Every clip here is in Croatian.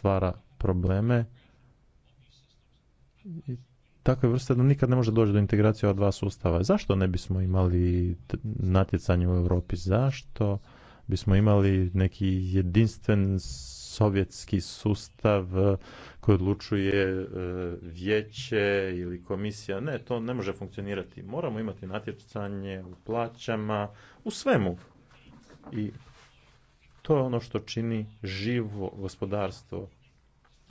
stvara probleme i takve vrste da nikad ne može doći do integracije ova dva sustava. Zašto ne bismo imali natjecanje u Europi? Zašto bismo imali neki jedinstven sovjetski sustav e, koji odlučuje e, vijeće ili komisija? Ne, to ne može funkcionirati. Moramo imati natjecanje u plaćama, u svemu. I to je ono što čini živo gospodarstvo.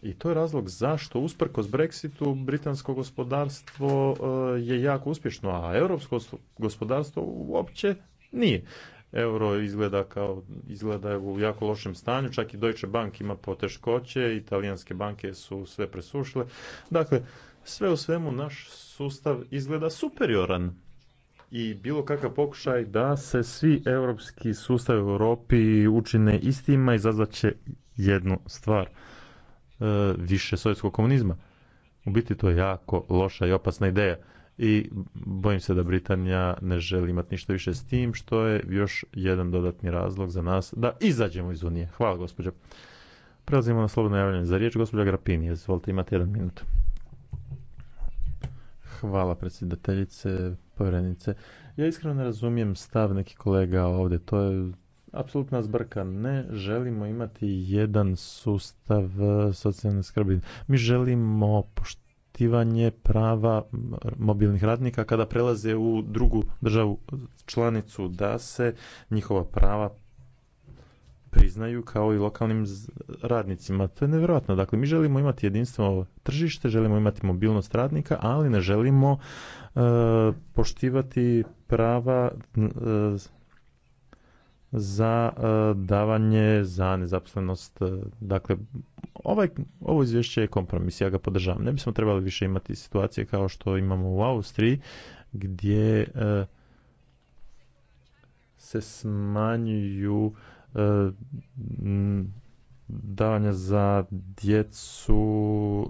I to je razlog zašto, usprkos Brexitu, britansko gospodarstvo e, je jako uspješno, a europsko gospodarstvo uopće nije. Euro izgleda kao izgleda u jako lošem stanju, čak i Deutsche Bank ima poteškoće, italijanske banke su sve presušile. Dakle, sve u svemu naš sustav izgleda superioran i bilo kakav pokušaj da se svi europski sustavi u Europi učine istima izazvat će jednu stvar. E, više sovjetskog komunizma. U biti to je jako loša i opasna ideja i bojim se da Britanija ne želi imati ništa više s tim, što je još jedan dodatni razlog za nas da izađemo iz Unije. Hvala, gospođo. Prelazimo na slobodno javljanje za riječ. Gospođa Grapini, izvolite, imate jedan minut. Hvala predsjedateljice, povjerenice. Ja iskreno ne razumijem stav nekih kolega ovdje. To je apsolutna zbrka. Ne želimo imati jedan sustav e, socijalne skrbi. Mi želimo poštivanje prava mobilnih radnika kada prelaze u drugu državu članicu da se njihova prava priznaju kao i lokalnim radnicima. To je nevjerojatno. Dakle, mi želimo imati jedinstveno tržište, želimo imati mobilnost radnika, ali ne želimo e, poštivati prava e, za e, davanje za nezaposlenost. Dakle, ovaj, ovo izvješće je kompromis, ja ga podržavam. Ne bismo trebali više imati situacije kao što imamo u Austriji, gdje se smanjuju E, davanja za djecu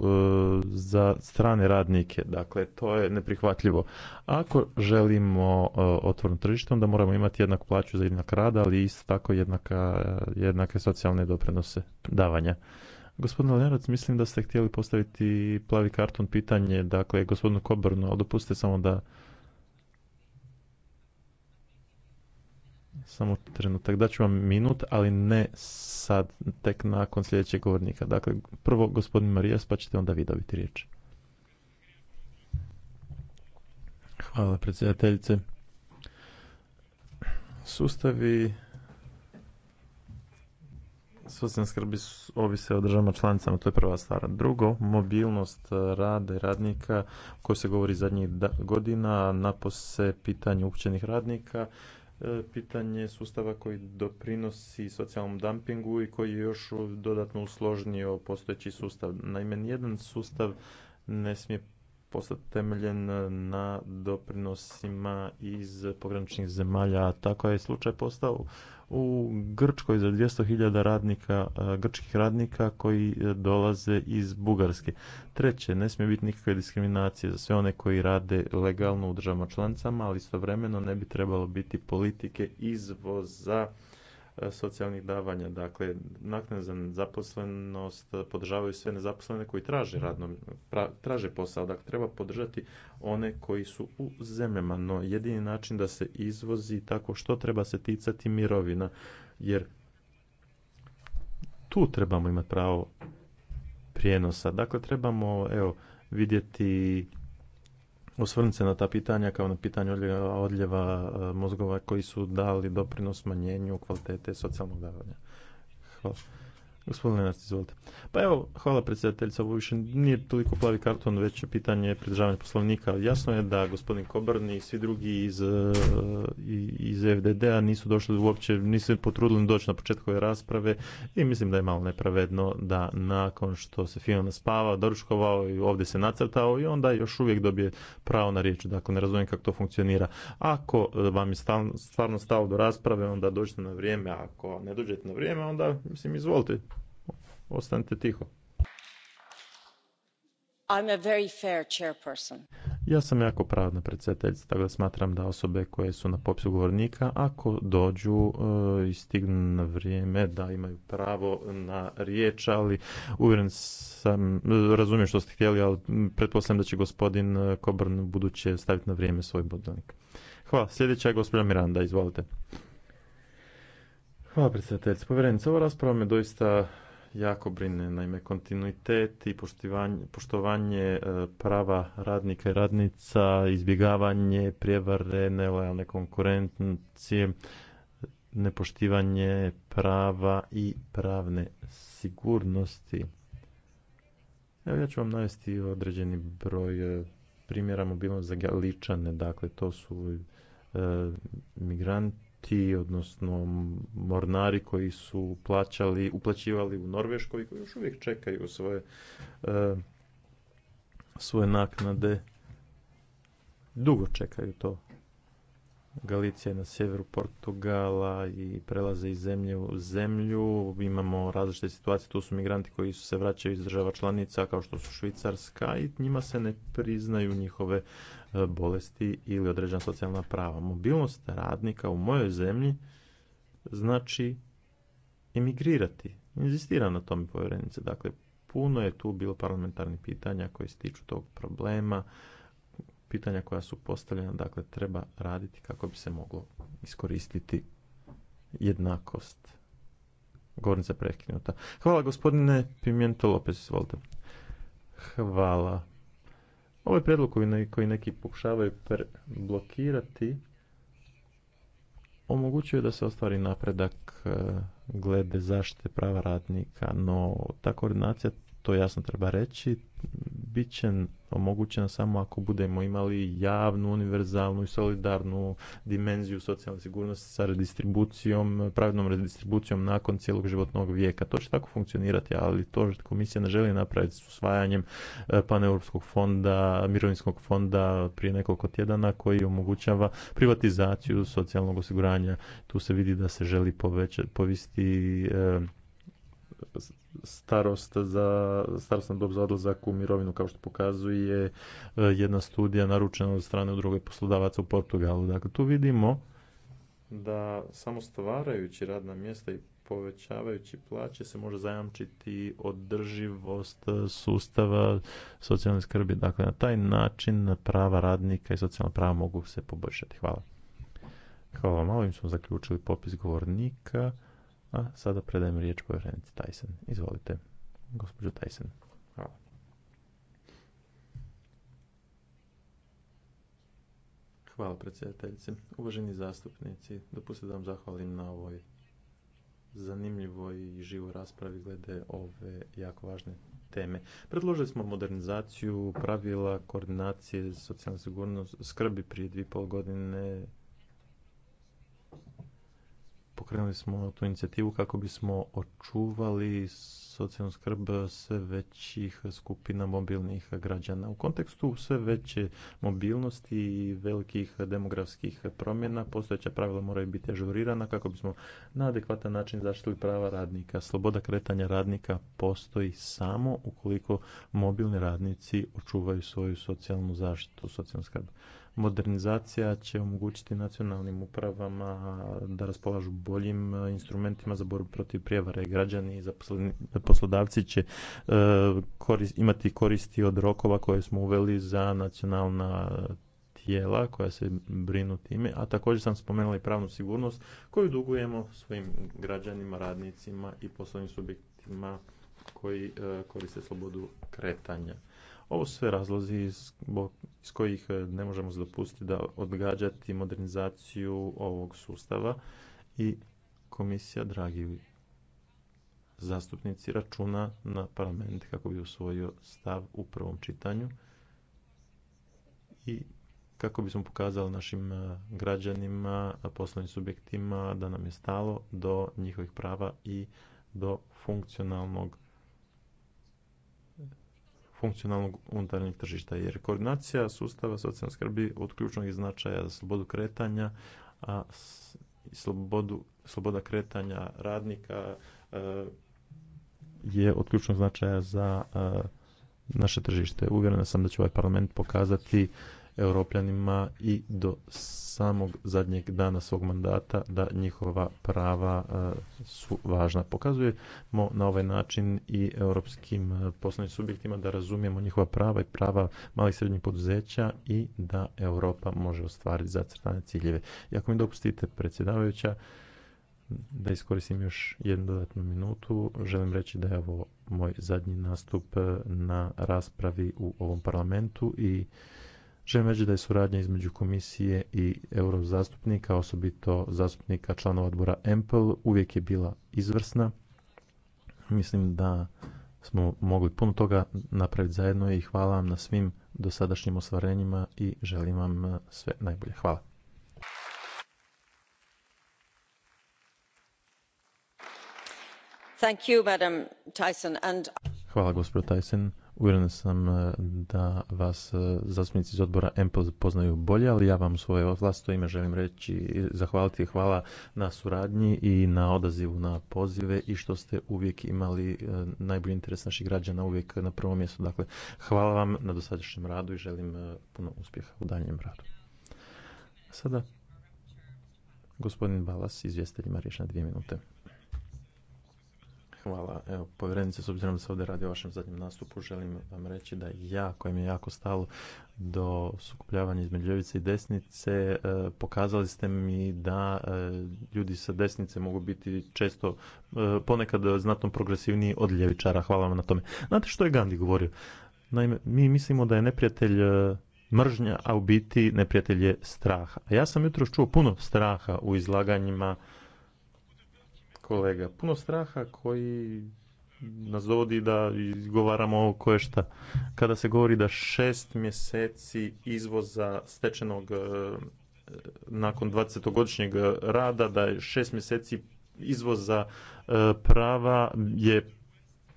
e, za strane radnike. Dakle, to je neprihvatljivo. Ako želimo e, otvorno tržište, onda moramo imati jednaku plaću za jednak rad, ali isto tako jednaka, jednake socijalne doprinose davanja. Gospodin Lenarac, mislim da ste htjeli postaviti plavi karton pitanje, dakle, gospodinu Kobrnu, dopustite samo da Samo trenutak, ću vam minut, ali ne sad, tek nakon sljedećeg govornika. Dakle, prvo gospodin Marijas, pa ćete onda vi dobiti riječ. Hvala predsjedateljice. Sustavi socijalne skrbi ovise o državama članicama, to je prva stvar. Drugo, mobilnost eh, rada i radnika, o kojoj se govori zadnjih godina, napose pitanje upućenih radnika, E, pitanje sustava koji doprinosi socijalnom dumpingu i koji je još dodatno usložnio postojeći sustav. Naime, nijedan sustav ne smije postati temeljen na doprinosima iz pograničnih zemalja. a Tako je slučaj postao u Grčkoj za 200.000 radnika, grčkih radnika koji e, dolaze iz Bugarske. Treće, ne smije biti nikakve diskriminacije za sve one koji rade legalno u državama članicama, ali istovremeno ne bi trebalo biti politike izvoza E, socijalnih davanja. Dakle, naknade za nezaposlenost podržavaju sve nezaposlene koji traže, radno, traže posao. Dakle, treba podržati one koji su u zemljama. No, jedini način da se izvozi tako što treba se ticati mirovina. Jer tu trebamo imati pravo prijenosa. Dakle, trebamo evo, vidjeti osvrnuti se na ta pitanja kao na pitanje odljeva, odljeva e, mozgova koji su dali doprinos smanjenju kvalitete socijalnog davanja. Hvala. Gospodin Lenart, izvolite. Pa evo, hvala predsjedateljica, ovo više nije toliko plavi karton, već je pitanje pridržavanja poslovnika. Jasno je da gospodin Kobarni i svi drugi iz, eh, iz FDD-a nisu došli uopće, nisu potrudili doći na početku ove rasprave i mislim da je malo nepravedno da nakon što se Fiona spava, doručkovao i ovdje se nacrtao i onda još uvijek dobije pravo na riječ. Dakle, ne razumijem kako to funkcionira. Ako eh, vam je stvarno stalo do rasprave, onda dođete na vrijeme, ako ne dođete na vrijeme, onda mislim izvolite Ostanite tiho. I'm a very fair ja sam jako pravna predsjedateljica, tako da smatram da osobe koje su na popisu govornika, ako dođu e, i stignu na vrijeme, da imaju pravo na riječ, ali uvjeren sam, e, razumijem što ste htjeli, ali pretpostavljam da će gospodin Kobrn e, buduće staviti na vrijeme svoj bodnik. Hvala. Sljedeća je gospođa Miranda, izvolite. Hvala predsjedateljice. Povjerenica, ova rasprava me doista jako brine. Naime, kontinuitet i poštovanje e, prava radnika i radnica, izbjegavanje prijevare, nelojalne konkurencije, nepoštivanje prava i pravne sigurnosti. Evo ja ću vam navesti određeni broj e, primjera mobilnost za galičane. Dakle, to su e, migranti ti, odnosno mornari koji su plaćali, uplaćivali u Norveškoj, koji još uvijek čekaju svoje, e, svoje naknade. Dugo čekaju to. Galicija na sjeveru Portugala i prelaze iz zemlje u zemlju. Imamo različite situacije, tu su migranti koji su se vraćaju iz država članica kao što su Švicarska i njima se ne priznaju njihove e, bolesti ili određena socijalna prava. Mobilnost radnika u mojoj zemlji znači emigrirati. Inzistira na tome povjerenice. Dakle, puno je tu bilo parlamentarnih pitanja koji se tiču tog problema pitanja koja su postavljena, dakle treba raditi kako bi se moglo iskoristiti jednakost. gornica prekinuta. Hvala gospodine Pimiento Lopez, izvolite. Hvala. Ovo je predlog koji neki pokušavaju blokirati omogućuje da se ostvari napredak eh, glede zaštite prava radnika, no ta koordinacija to jasno treba reći, bit će omogućena samo ako budemo imali javnu, univerzalnu i solidarnu dimenziju socijalne sigurnosti sa redistribucijom, pravednom redistribucijom nakon cijelog životnog vijeka. To će tako funkcionirati, ali to komisija ne želi napraviti s usvajanjem e, paneuropskog fonda, mirovinskog fonda prije nekoliko tjedana koji omogućava privatizaciju socijalnog osiguranja. Tu se vidi da se želi poveća, povisiti e, starost za starostna dob za odlazak u mirovinu kao što pokazuje e, jedna studija naručena od strane udruge poslodavaca u Portugalu. Dakle, tu vidimo da samo stvarajući radna mjesta i povećavajući plaće se može zajamčiti održivost sustava socijalne skrbi. Dakle, na taj način prava radnika i socijalna prava mogu se poboljšati. Hvala. Hvala vam. Ovim smo zaključili popis govornika. A sada predajem riječ povjerenici Tyson. Izvolite, gospođo Tyson. Hvala. predsjedateljice. Uvaženi zastupnici, dopustite da vam zahvalim na ovoj zanimljivoj i živoj raspravi glede ove jako važne teme. Predložili smo modernizaciju pravila koordinacije socijalne sigurnosti skrbi prije dvije pol godine pokrenuli smo tu inicijativu kako bismo očuvali socijalnu skrb sve većih skupina mobilnih građana. U kontekstu sve veće mobilnosti i velikih demografskih promjena postojeća pravila moraju biti ažurirana kako bismo na adekvatan način zaštitili prava radnika. Sloboda kretanja radnika postoji samo ukoliko mobilni radnici očuvaju svoju socijalnu zaštitu, socijalnu skrb. Modernizacija će omogućiti nacionalnim upravama da raspolažu boljim e, instrumentima za borbu protiv prijevare. Građani i poslodavci će e, imati koristi od rokova koje smo uveli za nacionalna tijela koja se brinu time, a također sam spomenula i pravnu sigurnost koju dugujemo svojim građanima, radnicima i poslovnim subjektima koji e, koriste slobodu kretanja. Ovo su sve razlozi iz kojih e, ne možemo dopustiti da odgađati modernizaciju ovog sustava i komisija, dragi zastupnici, računa na parlament kako bi usvojio stav u prvom čitanju i kako bismo pokazali našim e, građanima, poslovnim subjektima da nam je stalo do njihovih prava i do funkcionalnog funkcionalnog unutarnjeg tržišta jer koordinacija sustava socijalne skrbi od ključnog je značaja za slobodu kretanja a slobodu, sloboda kretanja radnika e, je od ključnog značaja za e, naše tržište. Uvjerena sam da će ovaj parlament pokazati europljanima i do samog zadnjeg dana svog mandata da njihova prava e, su važna. Pokazujemo na ovaj način i europskim e, poslovnim subjektima da razumijemo njihova prava i prava malih srednjih poduzeća i da Europa može ostvariti zacrtane ciljeve. I ako mi dopustite predsjedavajuća, da iskoristim još jednu dodatnu minutu, želim reći da je ovo moj zadnji nastup e, na raspravi u ovom parlamentu i Želim reći da je suradnja između komisije i eurozastupnika, osobito zastupnika članova odbora EMPL, uvijek je bila izvrsna. Mislim da smo mogli puno toga napraviti zajedno i hvala vam na svim dosadašnjim ostvarenjima i želim vam eh, sve najbolje. Hvala. And... Hvala, gospođo Tyson. Uvjeren sam e, da vas e, zastupnici iz odbora EMPL poznaju bolje, ali ja vam svoje vlastito ime želim reći, zahvaliti hvala na suradnji i na odazivu na pozive i što ste uvijek imali e, najbolji interes naših građana uvijek na prvom mjestu. Dakle, hvala vam na dosadašnjem radu i želim puno uspjeha u daljem radu. Sada, gospodin Balas, izvjestitelj ima riječ na dvije minute. Hvala. Evo, povjerenice, s obzirom da se ovdje radi o vašem zadnjem nastupu, želim vam reći da ja, kojem je jako stalo do sukupljavanja između ljevice i desnice, e, pokazali ste mi da e, ljudi sa desnice mogu biti često, e, ponekad znatno progresivniji od ljevičara. Hvala vam na tome. Znate što je Gandhi govorio? Naime, mi mislimo da je neprijatelj mržnja, a u biti neprijatelj je straha. A ja sam jutro čuo puno straha u izlaganjima kolega. Puno straha koji nas dovodi da izgovaramo ovo koje šta. Kada se govori da šest mjeseci izvoza stečenog e, nakon 20-godišnjeg rada, da je šest mjeseci izvoza e, prava je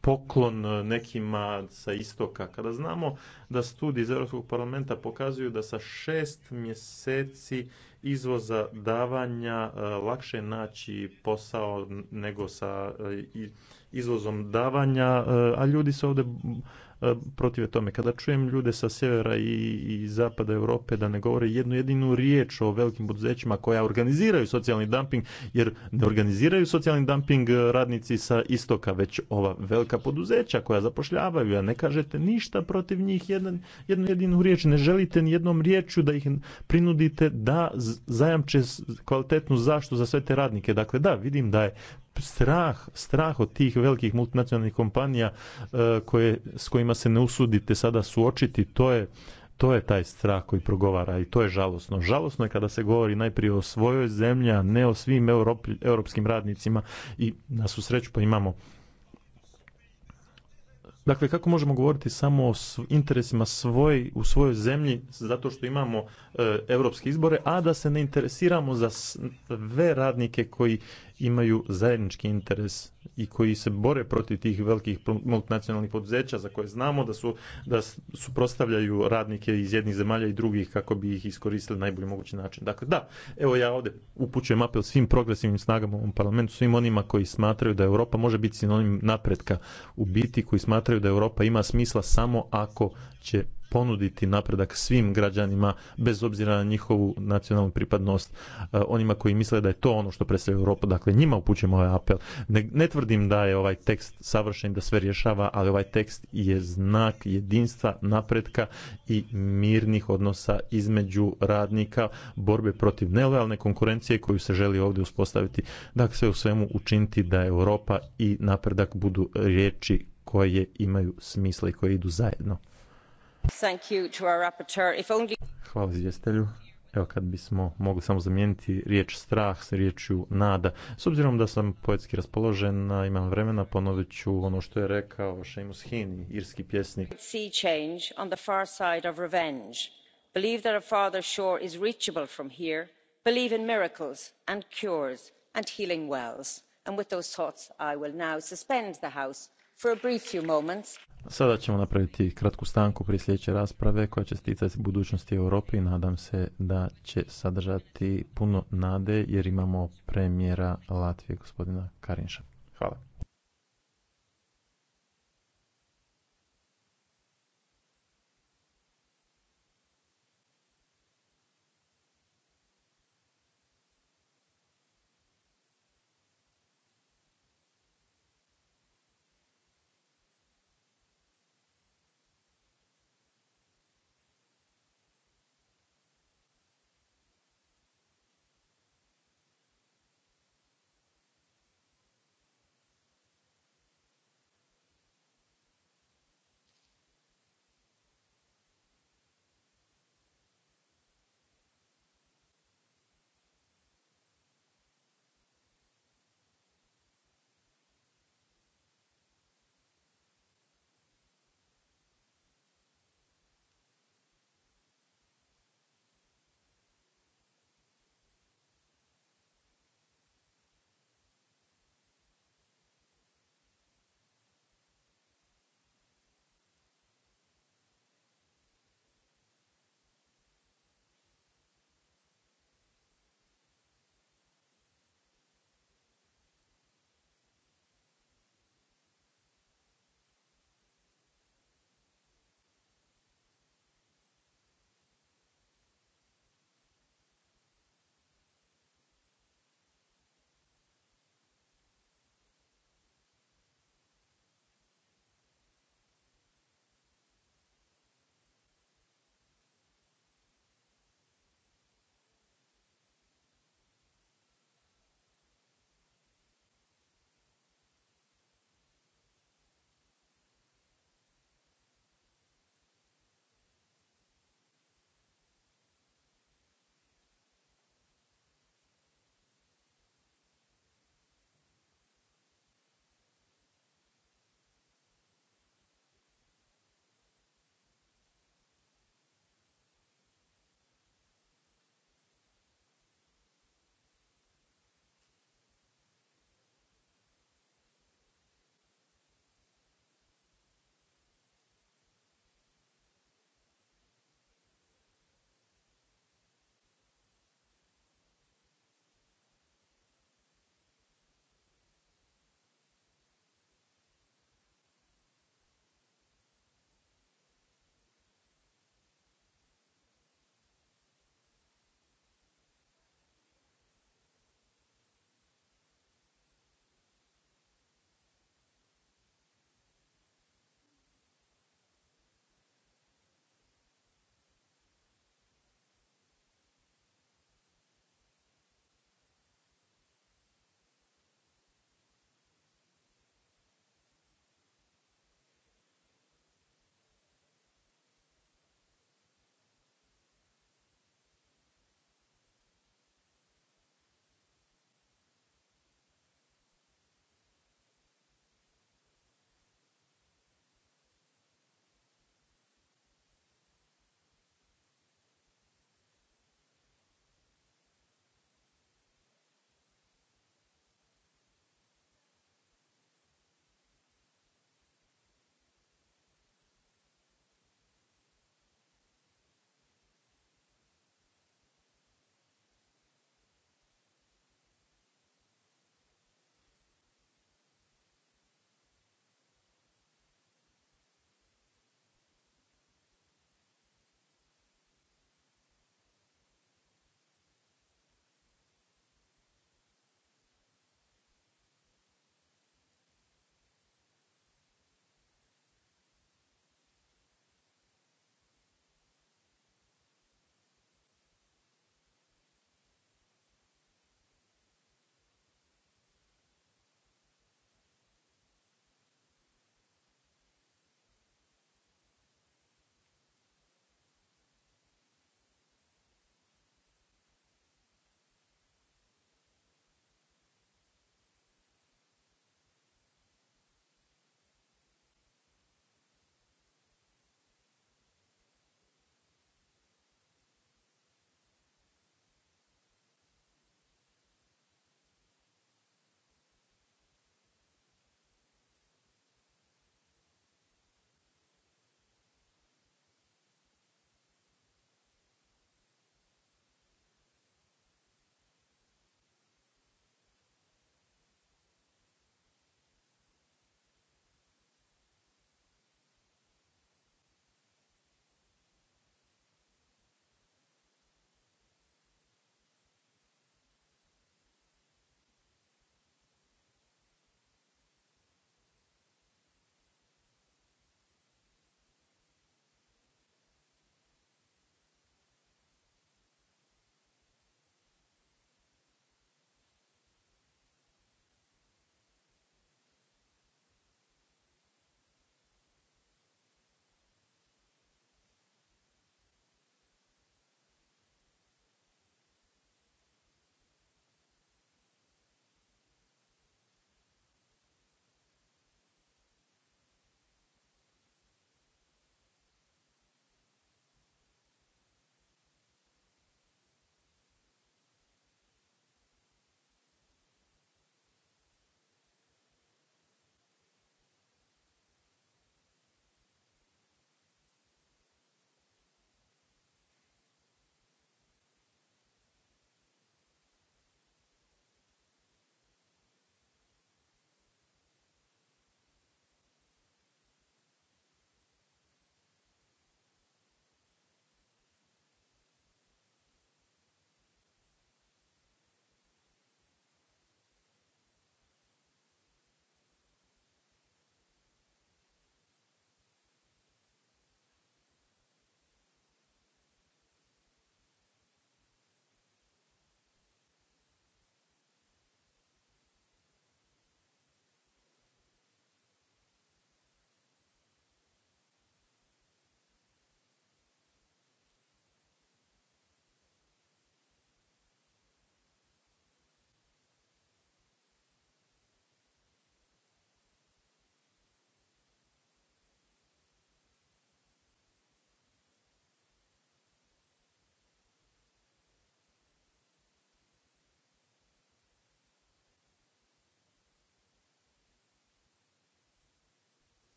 poklon nekima sa istoka. Kada znamo da studije iz Europskog parlamenta pokazuju da sa šest mjeseci izvoza davanja e, lakše naći posao nego sa e, izvozom davanja, e, a ljudi se ovdje E, protive tome. Kada čujem ljude sa sjevera i, zapada Europe da ne govore jednu jedinu riječ o velikim poduzećima koja organiziraju socijalni dumping, jer ne organiziraju socijalni dumping e, radnici sa istoka, već ova velika poduzeća koja zapošljavaju, a ne kažete ništa protiv njih, jedan, jednu jedinu riječ, ne želite ni jednom riječju da ih prinudite da zajamče kvalitetnu zaštitu za sve te radnike. Dakle, da, vidim da je strah, strah od tih velikih multinacionalnih kompanija e, koje, s kojima se ne usudite sada suočiti, to je to je taj strah koji progovara i to je žalosno. Žalosno je kada se govori najprije o svojoj zemlji, a ne o svim europskim radnicima i na su sreću pa imamo Dakle, kako možemo govoriti samo o interesima svoj, u svojoj zemlji zato što imamo e, europske izbore, a da se ne interesiramo za sve radnike koji imaju zajednički interes i koji se bore protiv tih velikih multinacionalnih poduzeća za koje znamo da su da suprotstavljaju radnike iz jednih zemalja i drugih kako bi ih iskoristili na najbolji mogući način. Dakle, da, evo ja ovdje upućujem apel svim progresivnim snagama u ovom parlamentu, svim onima koji smatraju da Europa može biti sinonim napretka u biti, koji smatraju da Europa ima smisla samo ako će ponuditi napredak svim građanima bez obzira na njihovu nacionalnu pripadnost e, onima koji misle da je to ono što predstavlja Europu dakle njima upućujemo ovaj apel ne, ne tvrdim da je ovaj tekst savršen da sve rješava ali ovaj tekst je znak jedinstva napretka i mirnih odnosa između radnika borbe protiv nelojalne konkurencije koju se želi ovdje uspostaviti dakle sve u svemu učiniti da Europa i napredak budu riječi koje imaju smisla i koje idu zajedno Hvala izvjestelju. Evo kad bismo mogli samo zamijeniti riječ strah s riječju nada. S obzirom da sam poetski raspoložen, imam vremena, ponovit ću ono što je rekao Seamus Heaney, irski pjesnik. Sea change on the far side of revenge. Believe that a farther shore is reachable from here. Believe in miracles and cures and healing wells. And with those thoughts I will now suspend the house Sada ćemo napraviti kratku stanku prije sljedeće rasprave koja će sticati budućnosti Europi i nadam se da će sadržati puno nade jer imamo premijera Latvije gospodina Karinša. Hvala.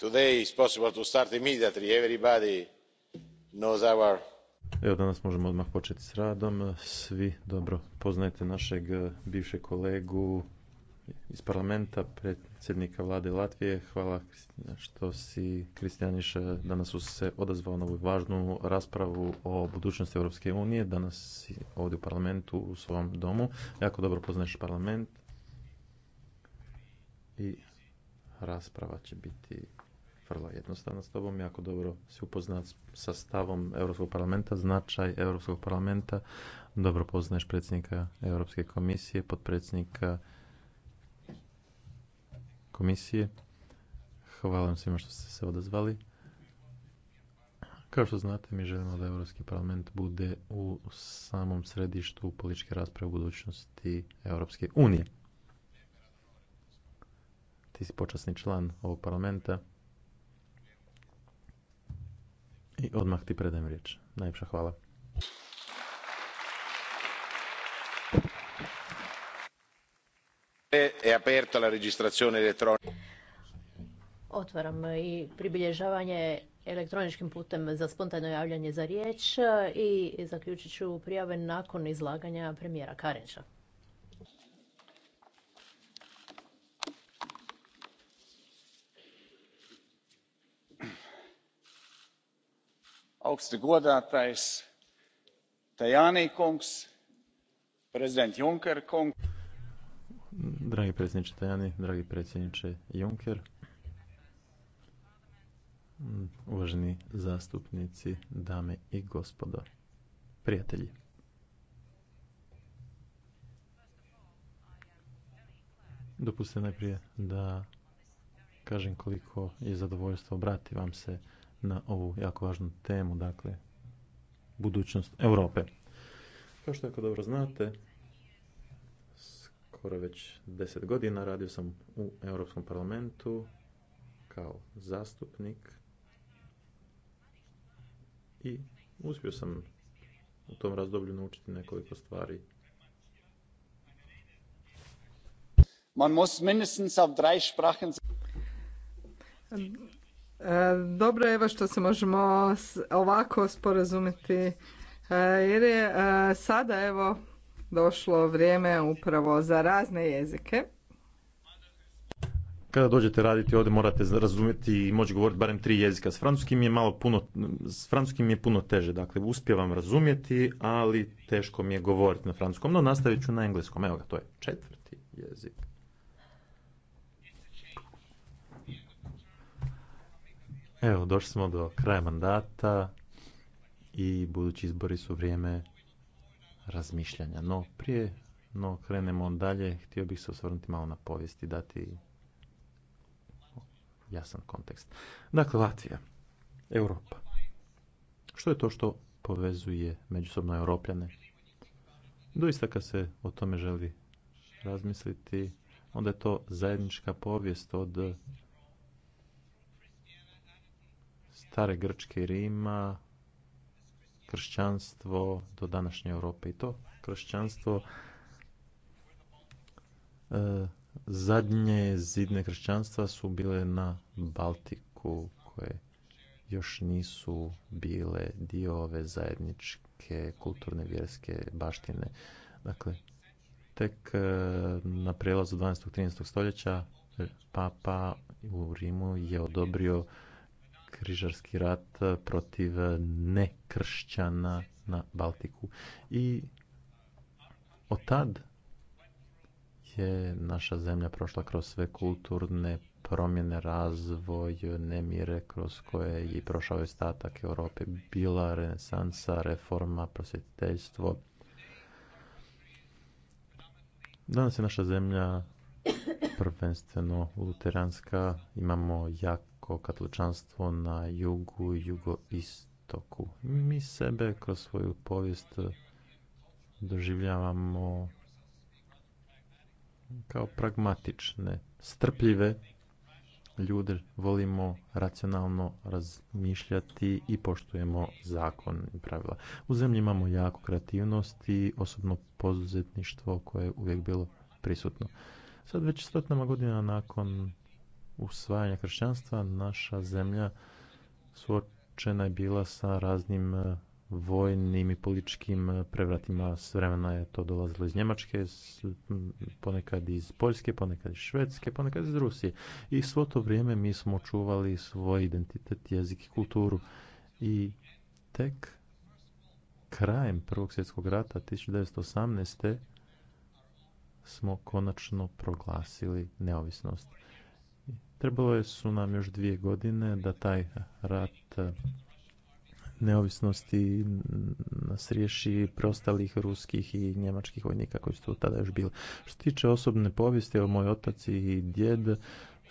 Today is possible to start immediately. Everybody knows our... Evo danas možemo odmah početi s radom. Svi dobro poznajete našeg eh, bivšeg kolegu iz parlamenta, predsjednika vlade Latvije. Hvala što si, Kristijaniš, danas se odazvao na ovu važnu raspravu o budućnosti Europske unije. Danas si ovdje u parlamentu, u svom domu. Jako dobro poznaješ parlament i rasprava će biti vrlo jednostavno s tobom, jako dobro si upoznat sa stavom Europskog parlamenta, značaj Europskog parlamenta, dobro poznaješ predsjednika Europske komisije, potpredsjednika komisije. Hvala vam svima što ste se odazvali. Kao što znate, mi želimo da Europski parlament bude u samom središtu političke rasprave u budućnosti Europske unije. Ti si počasni član ovog parlamenta. I odmah ti predajem riječ. hvala. Otvaram i pribilježavanje elektroničkim putem za spontano javljanje za riječ i zaključit ću prijave nakon izlaganja premijera Karenša. augsti godātais tajani kungs prezident juncker kungs Dragi predsjedniče Tajani, dragi predsjedniče Juncker, uvaženi zastupnici, dame i gospodo, prijatelji. Dopustite najprije da kažem koliko je zadovoljstvo obrati vam se na ovu jako važnu temu, dakle, budućnost Europe. Kao što jako dobro znate, skoro već deset godina radio sam u Europskom parlamentu kao zastupnik i uspio sam u tom razdoblju naučiti nekoliko stvari. Man muss mindestens auf drei Sprachen E, dobro je što se možemo ovako sporazumiti e, jer je e, sada evo došlo vrijeme upravo za razne jezike. Kada dođete raditi ovdje morate razumjeti i moći govoriti barem tri jezika. S francuskim je malo puno, s francuskim je puno teže, dakle uspijevam razumjeti, ali teško mi je govoriti na francuskom, no nastavit ću na engleskom. Evo ga, to je četvrti jezik. Evo, došli smo do kraja mandata i budući izbori su vrijeme razmišljanja. No, prije no, krenemo dalje, htio bih se osvrnuti malo na povijest i dati jasan kontekst. Dakle, Latvija, Europa. Što je to što povezuje međusobno europljane? Doista kad se o tome želi razmisliti, onda je to zajednička povijest od stare Grčke i Rima, kršćanstvo do današnje Europe i to kršćanstvo e, zadnje zidne kršćanstva su bile na Baltiku koje još nisu bile dio ove zajedničke kulturne vjerske baštine. Dakle, tek e, na prelazu 12. 13. stoljeća papa u Rimu je odobrio križarski rat eh, protiv eh, nekršćana na Baltiku. I od tad je naša zemlja prošla kroz sve kulturne promjene, razvoj, nemire kroz koje je prošao i ostatak Europe. Bila renesansa, reforma, prosvjetiteljstvo. Danas je naša zemlja prvenstveno luteranska, imamo jak kao katoličanstvo na jugu i jugoistoku. Mi sebe kroz svoju povijest doživljavamo kao pragmatične, strpljive ljude, volimo racionalno razmišljati i poštujemo zakon i pravila. U zemlji imamo jako kreativnost i osobno poduzetništvo koje je uvijek bilo prisutno. Sad već stotinama godina nakon usvajanja kršćanstva naša zemlja suočena je bila sa raznim e, vojnim i političkim e, prevratima. S vremena je to dolazilo iz Njemačke, ponekad iz Poljske, ponekad iz Švedske, ponekad iz Rusije. I svo to vrijeme mi smo čuvali svoj identitet, jezik i kulturu. I tek krajem Prvog svjetskog rata 1918. smo konačno proglasili neovisnost. Trebalo je su nam još dvije godine da taj rat e, neovisnosti nas riješi preostalih ruskih i njemačkih vojnika koji su tu tada još bili. Što tiče osobne povijesti, evo moj otac i djed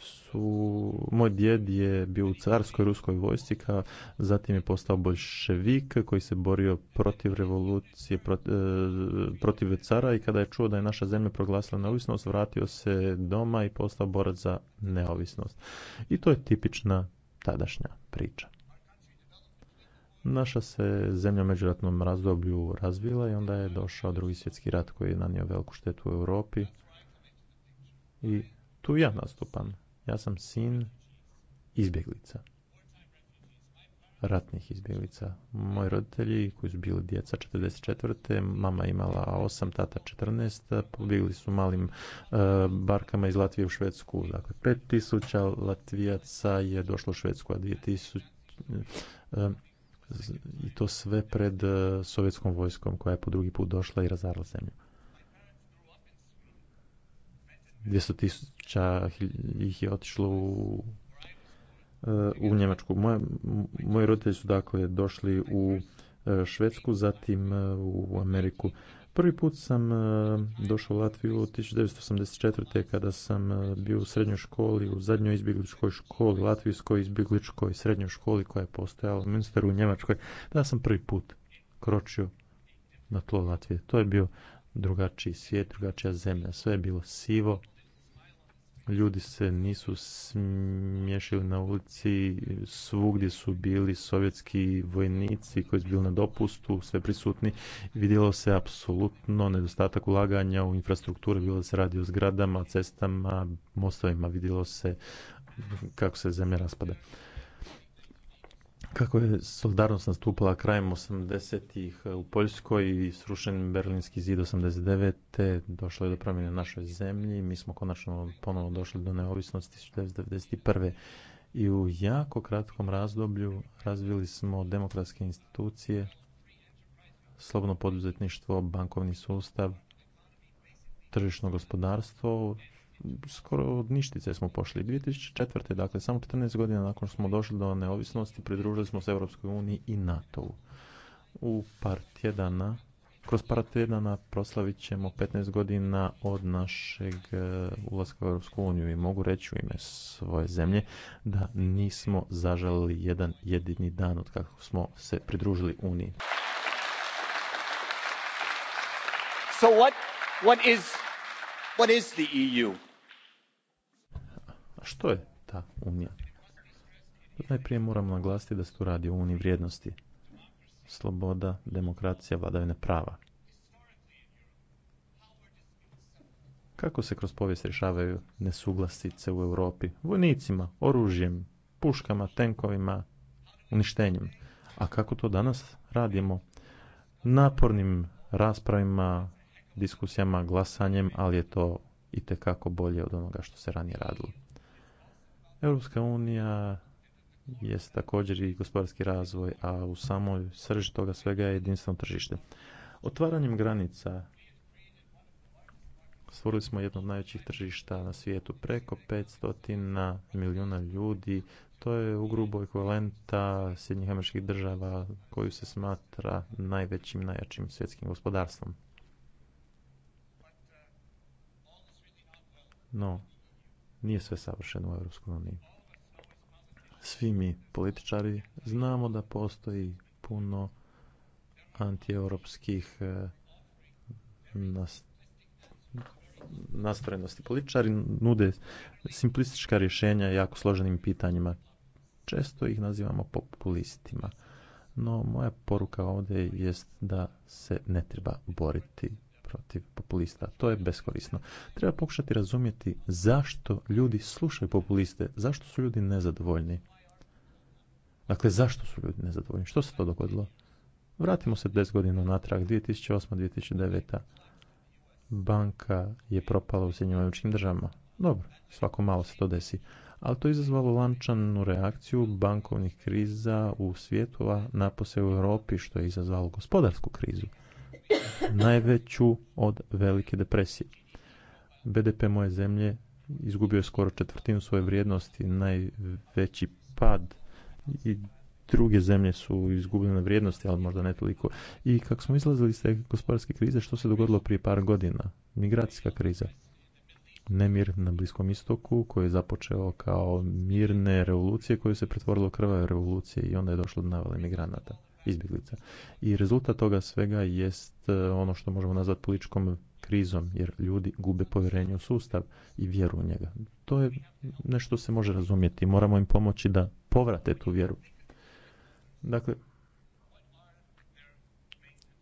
su, moj djed je bio u carskoj ruskoj vojsci, ka, zatim je postao bolševik koji se borio protiv revolucije, prot, e, protiv cara i kada je čuo da je naša zemlja proglasila neovisnost, vratio se doma i postao borac za neovisnost. I to je tipična tadašnja priča. Naša se zemlja u međuratnom razdoblju razvila i onda je došao drugi svjetski rat koji je nanio veliku štetu u Europi i tu ja nastupam ja sam sin izbjeglica. Ratnih izbjeglica. Moji roditelji koji su bili djeca 44. Mama imala osam, tata 14. Pobjegli su malim e, barkama iz Latvije u Švedsku. Dakle, 5000 Latvijaca je došlo u Švedsku, a 2000... E, i to sve pred e, sovjetskom vojskom koja je po drugi put došla i razarala zemlju. 200 tisuća ih je otišlo u, e, u Njemačku. Moje, moji roditelji su dakle došli u e, Švedsku, zatim e, u Ameriku. Prvi put sam došao u Latviju 1984. kada sam bio u srednjoj školi, u zadnjoj izbjegličkoj školi, latvijskoj izbjegličkoj srednjoj školi koja je postojala u Münsteru u Njemačkoj. Da sam prvi put kročio na tlo Latvije. To je bio drugačiji svijet, drugačija zemlja. Sve je bilo sivo, ljudi se nisu smješili na ulici, svugdje su bili sovjetski vojnici koji su bili na dopustu, sve prisutni. Vidjelo se apsolutno nedostatak ulaganja u infrastrukturu, bilo se radi o zgradama, cestama, mostovima, vidjelo se kako se zemlja raspada kako je solidarnost nastupila krajem 80-ih u Poljskoj i srušen Berlinski zid 89. Došlo je do promjene našoj zemlji. Mi smo konačno ponovno došli do neovisnosti 1991. I u jako kratkom razdoblju razvili smo demokratske institucije, slobodno poduzetništvo, bankovni sustav, tržišno gospodarstvo skoro od ništice smo pošli. 2004. dakle samo 14 godina nakon što smo došli do neovisnosti pridružili smo se Europskoj uniji i NATO-u. U par tjedana kroz par tjedana proslavit ćemo 15 godina od našeg e, ulaska u Europsku uniju i mogu reći u ime svoje zemlje da nismo zažalili jedan jedini dan od kako smo se pridružili Uniji. So what, what is, what is the EU? A što je ta unija? Najprije moramo naglasiti da se tu radi o uniji vrijednosti. Sloboda, demokracija, vladavine prava. Kako se kroz povijest rješavaju nesuglasice u Europi? Vojnicima, oružjem, puškama, tenkovima, uništenjem. A kako to danas radimo? Napornim raspravima, diskusijama, glasanjem, ali je to i bolje od onoga što se ranije radilo. Europska unija jest također i gospodarski razvoj, a u samoj srži toga svega je jedinstveno tržište. Otvaranjem granica stvorili smo jedno od najvećih tržišta na svijetu, preko 500 milijuna ljudi. To je u grubo ekvivalenta Sjednjih američkih država koju se smatra najvećim, najjačim svjetskim gospodarstvom. No, nije sve savršeno u Europskoj uniji. Svi mi političari znamo da postoji puno antieuropskih eh, nastrojenosti. Političari nude simplistička rješenja jako složenim pitanjima. Često ih nazivamo populistima. No, moja poruka ovdje jest da se ne treba boriti protiv populista. To je beskorisno. Treba pokušati razumjeti zašto ljudi slušaju populiste, zašto su ljudi nezadovoljni. Dakle, zašto su ljudi nezadovoljni? Što se to dogodilo? Vratimo se 10 godina natrag, 2008-2009. Banka je propala u Sjednjavajućim državama. Dobro, svako malo se to desi. Ali to je izazvalo lančanu reakciju bankovnih kriza u svijetu, a napose u Europi, što je izazvalo gospodarsku krizu najveću od velike depresije. BDP moje zemlje izgubio je skoro četvrtinu svoje vrijednosti, najveći pad i druge zemlje su izgubljene vrijednosti, ali možda ne toliko. I kako smo izlazili iz te gospodarske krize, što se dogodilo prije par godina? Migracijska kriza. Nemir na Bliskom istoku koji je započeo kao mirne revolucije koje se pretvorilo u krvave revolucije i onda je došlo do navale migranata izbjeglica. I rezultat toga svega jest e, ono što možemo nazvati političkom krizom, jer ljudi gube povjerenje u sustav i vjeru u njega. To je nešto se može razumjeti. Moramo im pomoći da povrate tu vjeru. Dakle,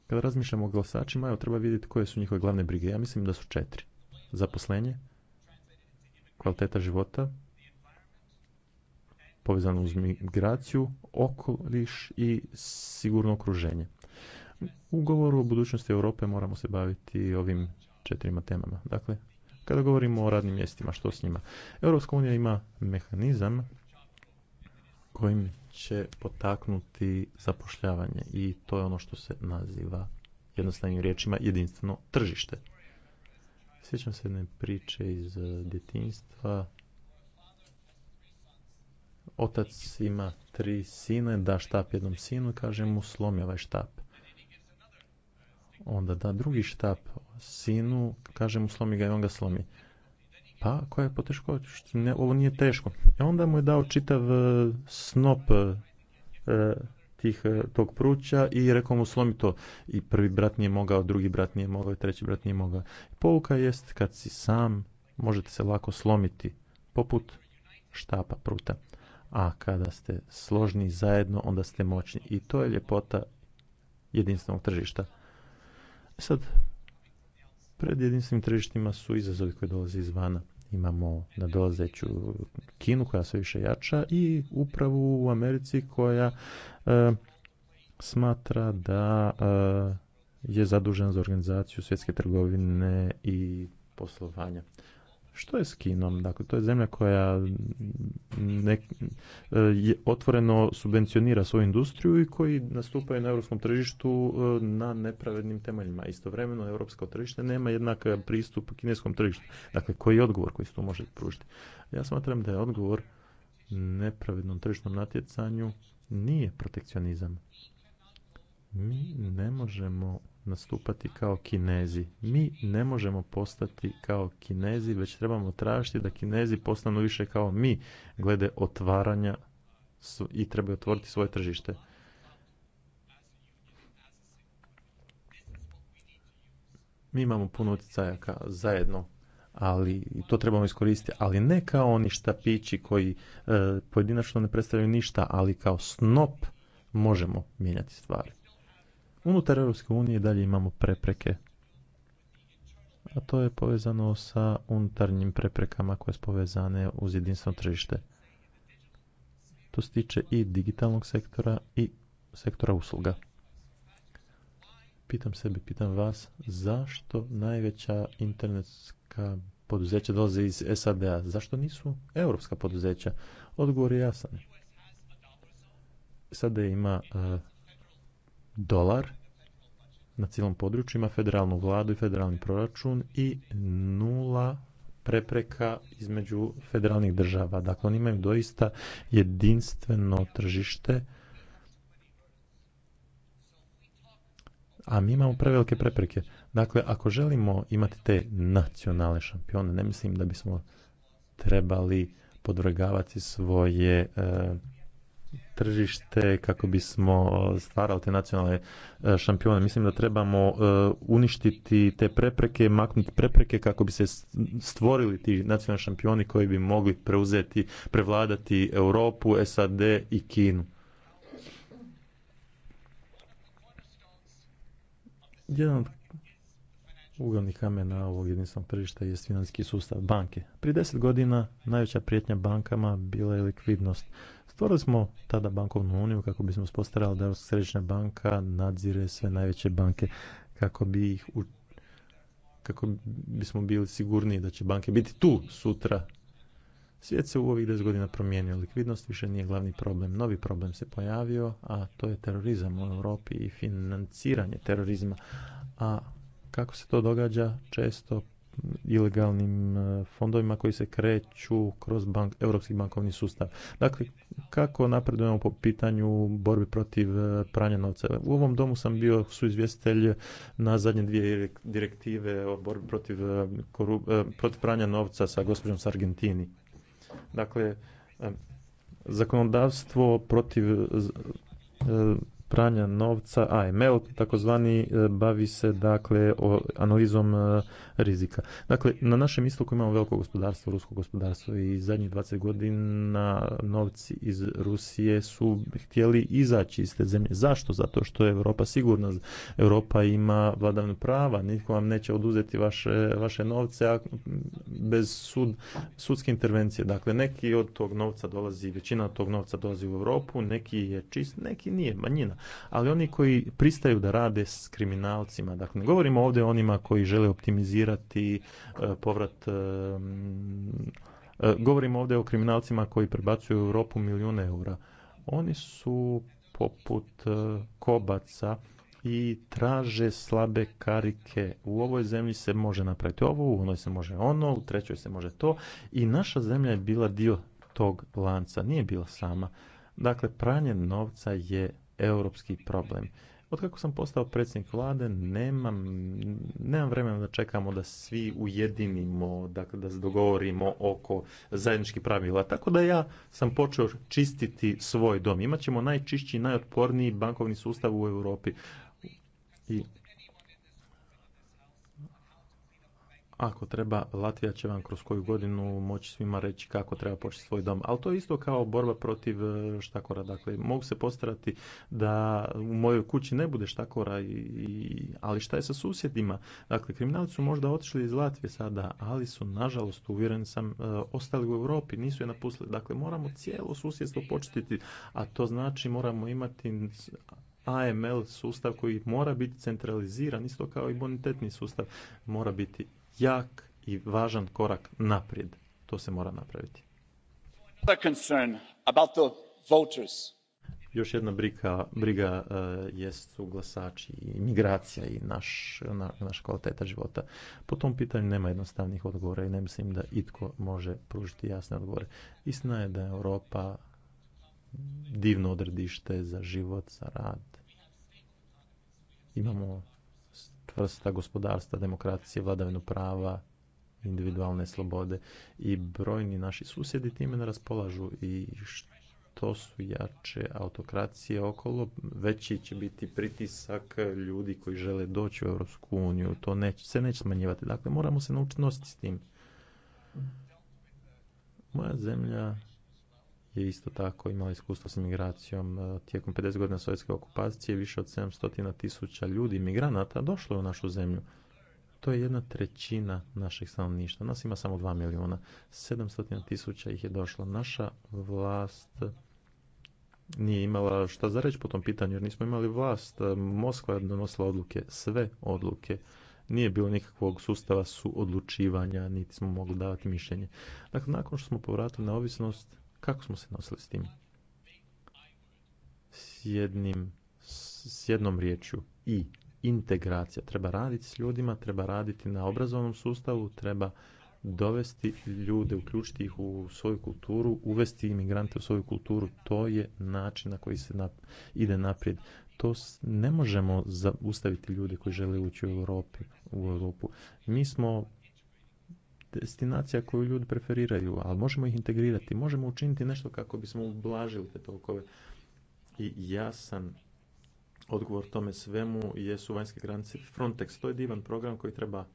kada razmišljamo o glasačima, evo, treba vidjeti koje su njihove glavne brige. Ja mislim da su četiri. Zaposlenje, kvaliteta života, povezano uz migraciju, okoliš i sigurno okruženje. U govoru o budućnosti Europe moramo se baviti ovim četirima temama. Dakle, kada govorimo o radnim mjestima, što s njima? Europska unija ima mehanizam kojim će potaknuti zapošljavanje i to je ono što se naziva jednostavnim riječima jedinstveno tržište. Sjećam se jedne priče iz djetinjstva otac ima tri sine, da štap jednom sinu, kaže mu slomi ovaj štap. Onda da drugi štap sinu, kaže mu slomi ga i on ga slomi. Pa, koja je poteškoća? Ne, ovo nije teško. I e onda mu je dao čitav e, snop e, tih, tog pruća i rekao mu slomi to. I prvi brat nije mogao, drugi brat nije mogao i treći brat nije mogao. Pouka jest kad si sam, možete se lako slomiti, poput štapa pruta a kada ste složni zajedno, onda ste moćni. I to je ljepota jedinstvenog tržišta. E sad, pred jedinstvenim tržištima su izazovi koje dolaze izvana. Imamo nadolazeću Kinu koja sve više jača i upravu u Americi koja e, smatra da e, je zadužena za organizaciju svjetske trgovine i poslovanja. Što je s Kinom? Dakle, to je zemlja koja ne, e, otvoreno subvencionira svoju industriju i koji nastupaju na europskom tržištu e, na nepravednim temeljima. Istovremeno, europsko tržište nema jednak pristup kineskom tržištu. Dakle, koji je odgovor koji se tu može pružiti? Ja smatram da je odgovor nepravednom tržišnom natjecanju nije protekcionizam. Mi ne možemo nastupati kao kinezi. Mi ne možemo postati kao kinezi, već trebamo tražiti da kinezi postanu više kao mi glede otvaranja i trebaju otvoriti svoje tržište. Mi imamo puno utjecaja zajedno ali to trebamo iskoristiti, ali ne kao oni štapići koji e, pojedinačno ne predstavljaju ništa, ali kao snop možemo mijenjati stvari. Unutar Europske unije dalje imamo prepreke. A to je povezano sa unutarnjim preprekama koje su povezane uz jedinstveno tržište. To se tiče i digitalnog sektora i sektora usluga. Pitam sebi, pitam vas, zašto najveća internetska poduzeća dolaze iz SAD-a? Zašto nisu europska poduzeća? Odgovor je jasan. SAD ima e, dolar na cijelom području ima federalnu vladu i federalni proračun i nula prepreka između federalnih država. Dakle, oni imaju doista jedinstveno tržište, a mi imamo prevelike prepreke. Dakle, ako želimo imati te nacionalne šampione, ne mislim da bismo trebali podvrgavati svoje e, tržište kako bismo e, stvarali te nacionalne e, šampione. Mislim da trebamo e, uništiti te prepreke, maknuti prepreke kako bi se stvorili ti nacionalni šampioni koji bi mogli preuzeti, prevladati Europu, SAD i Kinu. Jedan od ugalnih kamena ovog jedinstvenog tržišta je financijski sustav banke. Prije deset godina najveća prijetnja bankama bila je likvidnost Stvorili smo tada bankovnu uniju kako bismo spostarali da središnja banka nadzire sve najveće banke kako bi ih u... kako bismo bili sigurniji da će banke biti tu sutra. Svijet se u ovih 10 godina promijenio, likvidnost više nije glavni problem. Novi problem se pojavio, a to je terorizam u Europi i financiranje terorizma. A kako se to događa? Često ilegalnim e, fondovima koji se kreću kroz bank, europski bankovni sustav. Dakle, kako napredujemo po pitanju borbi protiv e, pranja novca? U ovom domu sam bio suizvjestitelj na zadnje dvije direktive o borbi protiv, e, protiv pranja novca sa gospođom s Argentini. Dakle, zakonodavstvo protiv pranja novca, AML takozvani, e, bavi se dakle o analizom e, rizika. Dakle, na našem istoku imamo veliko gospodarstvo, rusko gospodarstvo i zadnjih 20 godina novci iz Rusije su htjeli izaći iz te zemlje. Zašto? Zato što je Europa sigurna. Europa ima vladavnu prava, nitko vam neće oduzeti vaše, vaše novce bez sud, sudske intervencije. Dakle, neki od tog novca dolazi, većina od tog novca dolazi u Europu, neki je čist, neki nije, manjina ali oni koji pristaju da rade s kriminalcima, dakle ne govorimo ovdje o onima koji žele optimizirati e, povrat e, e, govorimo ovdje o kriminalcima koji prebacuju u Europu milijune eura. Oni su poput kobaca i traže slabe karike. U ovoj zemlji se može napraviti ovo, u onoj se može ono, u trećoj se može to. I naša zemlja je bila dio tog lanca, nije bila sama. Dakle, pranje novca je europski problem. Od kako sam postao predsjednik vlade, nemam, nemam vremena da čekamo da svi ujedinimo, dakle da se dogovorimo oko zajedničkih pravila. Tako da ja sam počeo čistiti svoj dom. Imaćemo najčišći, najotporniji bankovni sustav u Europi. I ako treba, Latvija će vam kroz koju godinu moći svima reći kako treba početi svoj dom. Ali to je isto kao borba protiv e, štakora. Dakle, mogu se postarati da u mojoj kući ne bude štakora, i, ali šta je sa susjedima? Dakle, kriminalci su možda otišli iz Latvije sada, ali su, nažalost, uvjeren sam, e, ostali u Europi, nisu je napustili. Dakle, moramo cijelo susjedstvo početiti, a to znači moramo imati AML sustav koji mora biti centraliziran, isto kao i bonitetni sustav mora biti jak i važan korak naprijed. To se mora napraviti. Još jedna briga, briga e, jesu glasači i migracija i naš, na, naša kvaliteta života. Po tom pitanju nema jednostavnih odgovora i ne mislim da itko može pružiti jasne odgovore. Istina je da je Europa divno odredište za život, za rad. Imamo vrsta gospodarstva, demokracije, vladavinu prava, individualne slobode i brojni naši susjedi time ne raspolažu i što su jače autokracije okolo, veći će biti pritisak ljudi koji žele doći u Europsku uniju. To neće, se neće smanjivati. Dakle, moramo se naučiti nositi s tim. Moja zemlja je isto tako imala iskustvo s imigracijom. E, tijekom 50 godina sovjetske okupacije više od 700 tisuća ljudi migranata došlo je u našu zemlju. To je jedna trećina našeg stanovništva. Nas ima samo 2 milijuna. 700 tisuća ih je došlo. Naša vlast nije imala šta za reći po tom pitanju jer nismo imali vlast. E, Moskva je donosila odluke, sve odluke. Nije bilo nikakvog sustava suodlučivanja, niti smo mogli davati mišljenje. Dakle, nakon što smo povratili na ovisnost, kako smo se nosili s tim? S, jednim, s jednom riječju i integracija. Treba raditi s ljudima, treba raditi na obrazovnom sustavu, treba dovesti ljude, uključiti ih u svoju kulturu, uvesti imigrante u svoju kulturu. To je način na koji se ide naprijed. To ne možemo zaustaviti ljude koji žele ući u Europi U Europu. Mi smo destinacija koju ljudi preferiraju, ali možemo ih integrirati, možemo učiniti nešto kako bismo ublažili te tokove. I jasan odgovor tome svemu jesu vanjske granice Frontex. To je divan program koji treba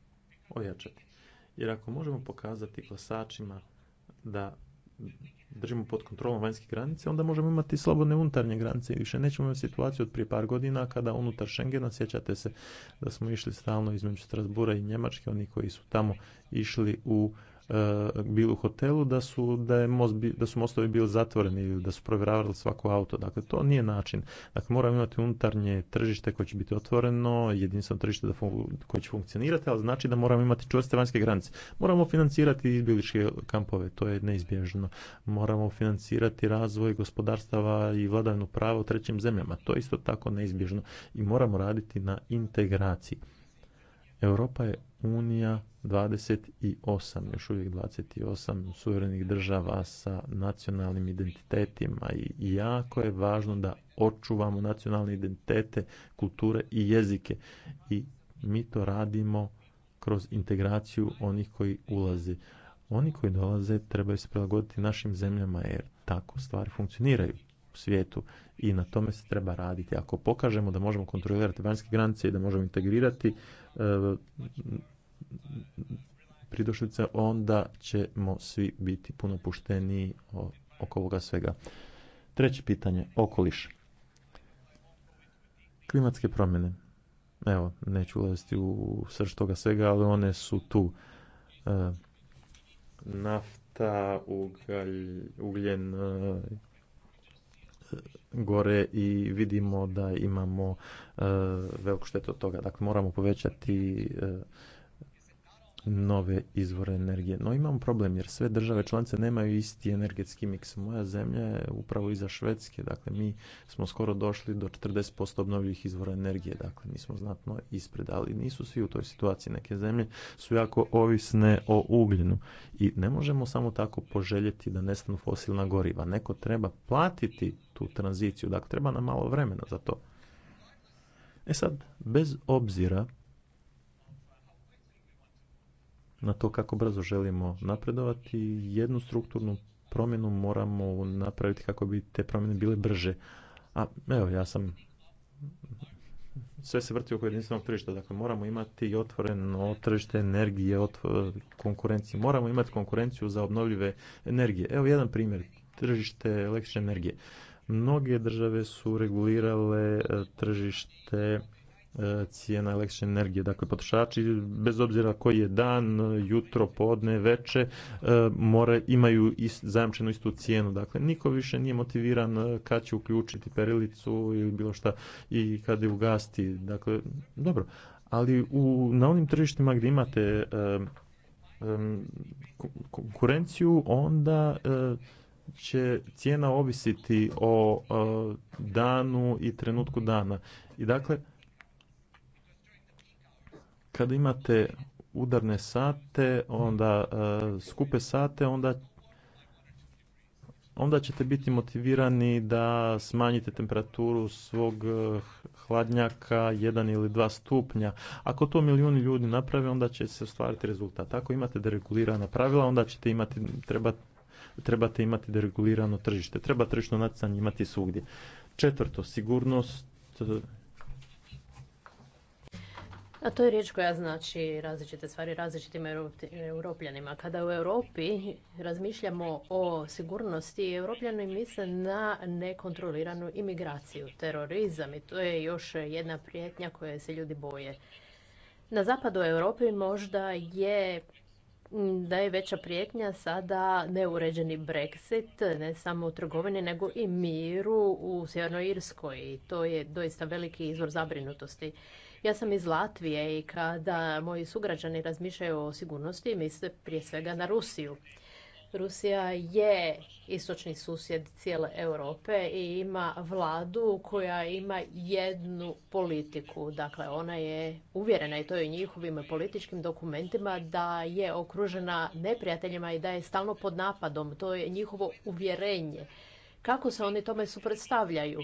ojačati. Jer ako možemo pokazati glasačima da držimo pod kontrolom vanjske granice, onda možemo imati slobodne unutarnje granice i više nećemo imati situaciju od prije par godina kada unutar Schengena, sjećate se da smo išli stalno između Strasbura i Njemačke, oni koji su tamo išli u E, bili u hotelu da su, da, je most, da su mostovi bili zatvoreni ili da su provjeravali svako auto. Dakle, to nije način. Dakle, moramo imati unutarnje tržište koje će biti otvoreno, jedinstveno tržište da koje će funkcionirati, ali znači da moramo imati čvrste vanjske granice. Moramo financirati izbjegličke kampove, to je neizbježno. Moramo financirati razvoj gospodarstava i vladavnu pravo u trećim zemljama. To je isto tako neizbježno. I moramo raditi na integraciji. Europa je unija 28, još uvijek 28 suverenih država sa nacionalnim identitetima i jako je važno da očuvamo nacionalne identitete, kulture i jezike i mi to radimo kroz integraciju onih koji ulaze. Oni koji dolaze trebaju se prilagoditi našim zemljama jer tako stvari funkcioniraju u svijetu i na tome se treba raditi. Ako pokažemo da možemo kontrolirati vanjske granice i da možemo integrirati e, pridošlice, onda ćemo svi biti puno pušteniji oko ovoga svega. Treće pitanje, okoliš. Klimatske promjene. Evo, neću ulaziti u srž toga svega, ali one su tu. E, nafta, ugljen, e, gore i vidimo da imamo e, veliku štetu od toga. Dakle, moramo povećati e, nove izvore energije. No imamo problem jer sve države članice nemaju isti energetski miks. Moja zemlja je upravo iza Švedske, dakle mi smo skoro došli do 40% obnovljivih izvora energije, dakle mi smo znatno ispred, ali nisu svi u toj situaciji. Neke zemlje su jako ovisne o ugljenu i ne možemo samo tako poželjeti da nestanu fosilna goriva. Neko treba platiti tu tranziciju, dakle treba nam malo vremena za to. E sad, bez obzira na to kako brzo želimo napredovati. Jednu strukturnu promjenu moramo napraviti kako bi te promjene bile brže. A evo, ja sam sve se vrti oko jedinstvenog tržišta. Dakle, moramo imati otvoreno tržište energije, konkurenciju. Moramo imati konkurenciju za obnovljive energije. Evo jedan primjer, tržište električne energije. Mnoge države su regulirale e, tržište E, cijena električne energije. Dakle, potrošači, bez obzira koji je dan, jutro, podne, veče, e, more, imaju ist, zajamčenu istu cijenu. Dakle, niko više nije motiviran e, kad će uključiti perilicu ili bilo šta i kad je ugasti. Dakle, dobro. Ali u, na onim tržištima gdje imate konkurenciju, onda će cijena ovisiti o danu i trenutku dana. I dakle, kada imate udarne sate, onda eh, skupe sate, onda onda ćete biti motivirani da smanjite temperaturu svog eh, hladnjaka jedan ili dva stupnja. Ako to milijuni ljudi naprave, onda će se ostvariti rezultat. Ako imate deregulirana pravila, onda ćete imati, treba, trebate imati deregulirano tržište. Treba tržišno natjecanje imati svugdje. Četvrto, sigurnost eh, a to je riječ koja znači različite stvari različitim europljanima. Kada u Europi razmišljamo o sigurnosti, europljani misle na nekontroliranu imigraciju, terorizam i to je još jedna prijetnja koje se ljudi boje. Na zapadu Europi možda je da je veća prijetnja sada neuređeni Brexit, ne samo u trgovini, nego i miru u Sjevernoj Irskoj. I to je doista veliki izvor zabrinutosti. Ja sam iz Latvije i kada moji sugrađani razmišljaju o sigurnosti, misle prije svega na Rusiju. Rusija je istočni susjed cijele Europe i ima vladu koja ima jednu politiku. Dakle, ona je uvjerena i to je u njihovim političkim dokumentima da je okružena neprijateljima i da je stalno pod napadom. To je njihovo uvjerenje. Kako se oni tome suprotstavljaju?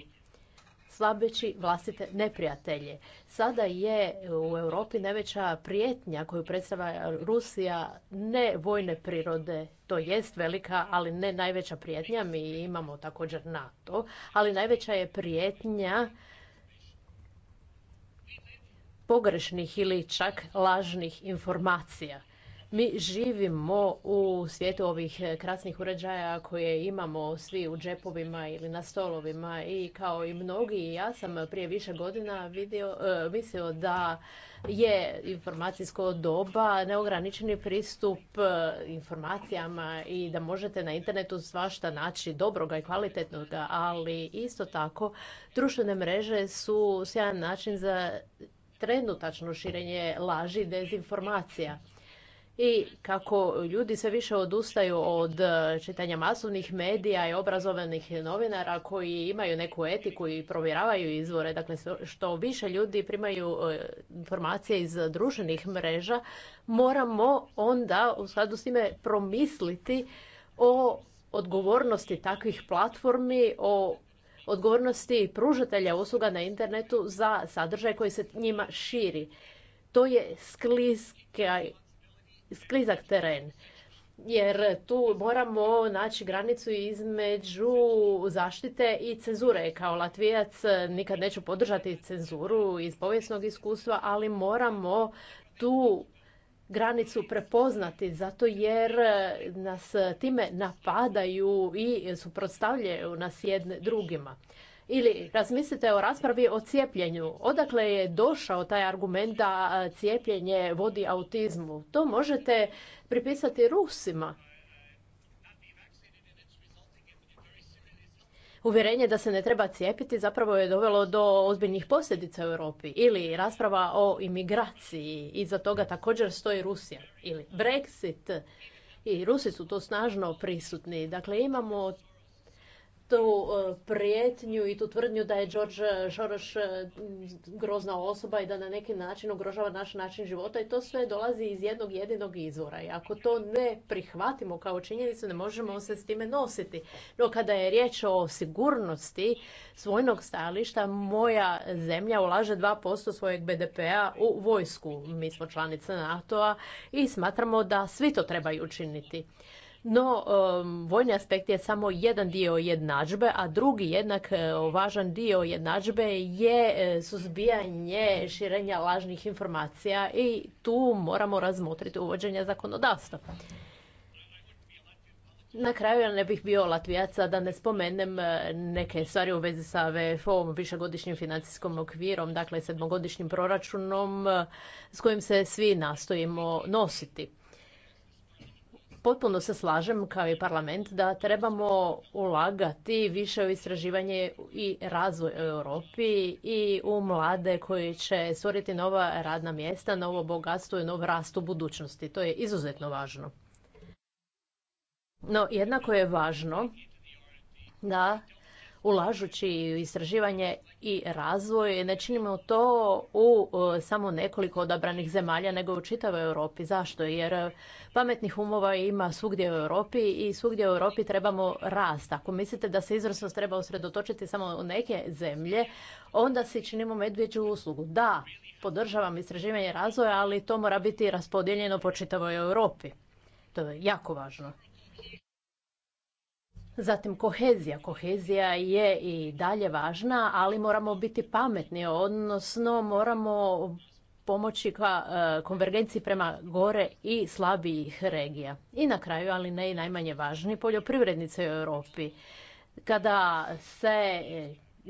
slabeći vlastite neprijatelje. Sada je u Europi najveća prijetnja koju predstavlja Rusija ne vojne prirode, to jest velika, ali ne najveća prijetnja, mi imamo također NATO, ali najveća je prijetnja pogrešnih ili čak lažnih informacija. Mi živimo u svijetu ovih krasnih uređaja koje imamo svi u džepovima ili na stolovima i kao i mnogi ja sam prije više godina vidio, e, mislio da je informacijsko doba neograničeni pristup e, informacijama i da možete na internetu svašta naći dobroga i kvalitetnoga, ali isto tako društvene mreže su sjajan način za trenutačno širenje laži i dezinformacija i kako ljudi sve više odustaju od e, čitanja masovnih medija i obrazovanih novinara koji imaju neku etiku i provjeravaju izvore. Dakle, što više ljudi primaju e, informacije iz društvenih mreža, moramo onda u skladu s time promisliti o odgovornosti takvih platformi, o odgovornosti pružatelja usluga na internetu za sadržaj koji se njima širi. To je skliski sklizak teren jer tu moramo naći granicu između zaštite i cenzure. Kao latvijac nikad neću podržati cenzuru iz povijesnog iskustva, ali moramo tu granicu prepoznati zato jer nas time napadaju i suprotstavljaju nas jedne drugima. Ili razmislite o raspravi o cijepljenju. Odakle je došao taj argument da cijepljenje vodi autizmu? To možete pripisati Rusima. Uvjerenje da se ne treba cijepiti zapravo je dovelo do ozbiljnih posljedica u Europi. Ili rasprava o imigraciji, iza toga također stoji Rusija. Ili Brexit, i Rusi su to snažno prisutni. Dakle, imamo tu e, prijetnju i tu tvrdnju da je George e, Soros e, grozna osoba i da na neki način ugrožava naš način života i to sve dolazi iz jednog jedinog izvora. I ako to ne prihvatimo kao činjenicu, ne možemo se s time nositi. No kada je riječ o sigurnosti svojnog stajališta, moja zemlja ulaže 2% svojeg BDP-a u vojsku. Mi smo članice NATO-a i smatramo da svi to trebaju učiniti. No, vojni aspekt je samo jedan dio jednadžbe, a drugi jednak e, važan dio jednadžbe je e, suzbijanje širenja lažnih informacija i tu moramo razmotriti uvođenje zakonodavstva. Na kraju ja ne bih bio latvijaca da ne spomenem e, neke stvari u vezi sa VFO-om, višegodišnjim financijskom okvirom, dakle sedmogodišnjim proračunom s kojim se svi nastojimo nositi potpuno se slažem kao i parlament da trebamo ulagati više u istraživanje i razvoj u Europi i u mlade koji će stvoriti nova radna mjesta, novo bogatstvo i nov rast u budućnosti. To je izuzetno važno. No, jednako je važno da ulažući u istraživanje i razvoj. Ne činimo to u e, samo nekoliko odabranih zemalja, nego u čitavoj Europi. Zašto? Jer pametnih umova ima svugdje u Europi i svugdje u Europi trebamo rast. Ako mislite da se izvrsnost treba usredotočiti samo u neke zemlje, onda si činimo medvjeđu uslugu. Da, podržavam istraživanje razvoja, ali to mora biti raspodijeljeno po čitavoj Europi. To je jako važno. Zatim kohezija. Kohezija je i dalje važna, ali moramo biti pametni, odnosno moramo pomoći ka e, konvergenciji prema gore i slabijih regija. I na kraju, ali ne i najmanje važni, poljoprivrednice u Europi. Kada se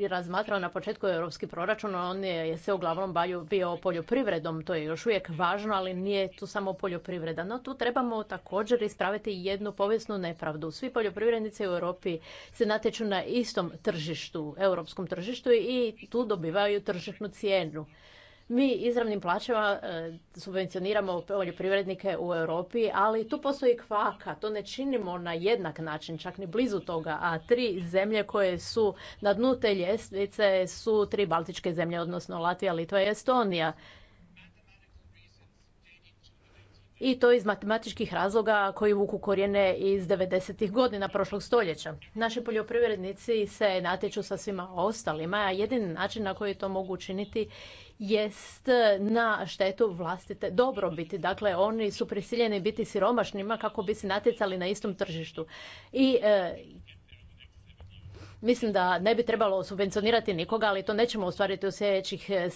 razmatrao na početku europski proračun, on je se uglavnom bio poljoprivredom, to je još uvijek važno, ali nije tu samo poljoprivreda. No tu trebamo također ispraviti jednu povijesnu nepravdu. Svi poljoprivrednici u Europi se natječu na istom tržištu, europskom tržištu i tu dobivaju tržišnu cijenu. Mi izravnim plaćama e, subvencioniramo poljoprivrednike u Europi, ali tu postoji kvaka. To ne činimo na jednak način, čak ni blizu toga. A tri zemlje koje su na dnu te ljestvice su tri baltičke zemlje, odnosno Latvija, Litva i Estonija i to iz matematičkih razloga koji vuku korijene iz 90. godina prošlog stoljeća. Naši poljoprivrednici se natječu sa svima ostalima, a jedin način na koji to mogu učiniti jest na štetu vlastite dobrobiti. Dakle, oni su prisiljeni biti siromašnima kako bi se natjecali na istom tržištu. I e, Mislim da ne bi trebalo subvencionirati nikoga, ali to nećemo ostvariti u sljedećih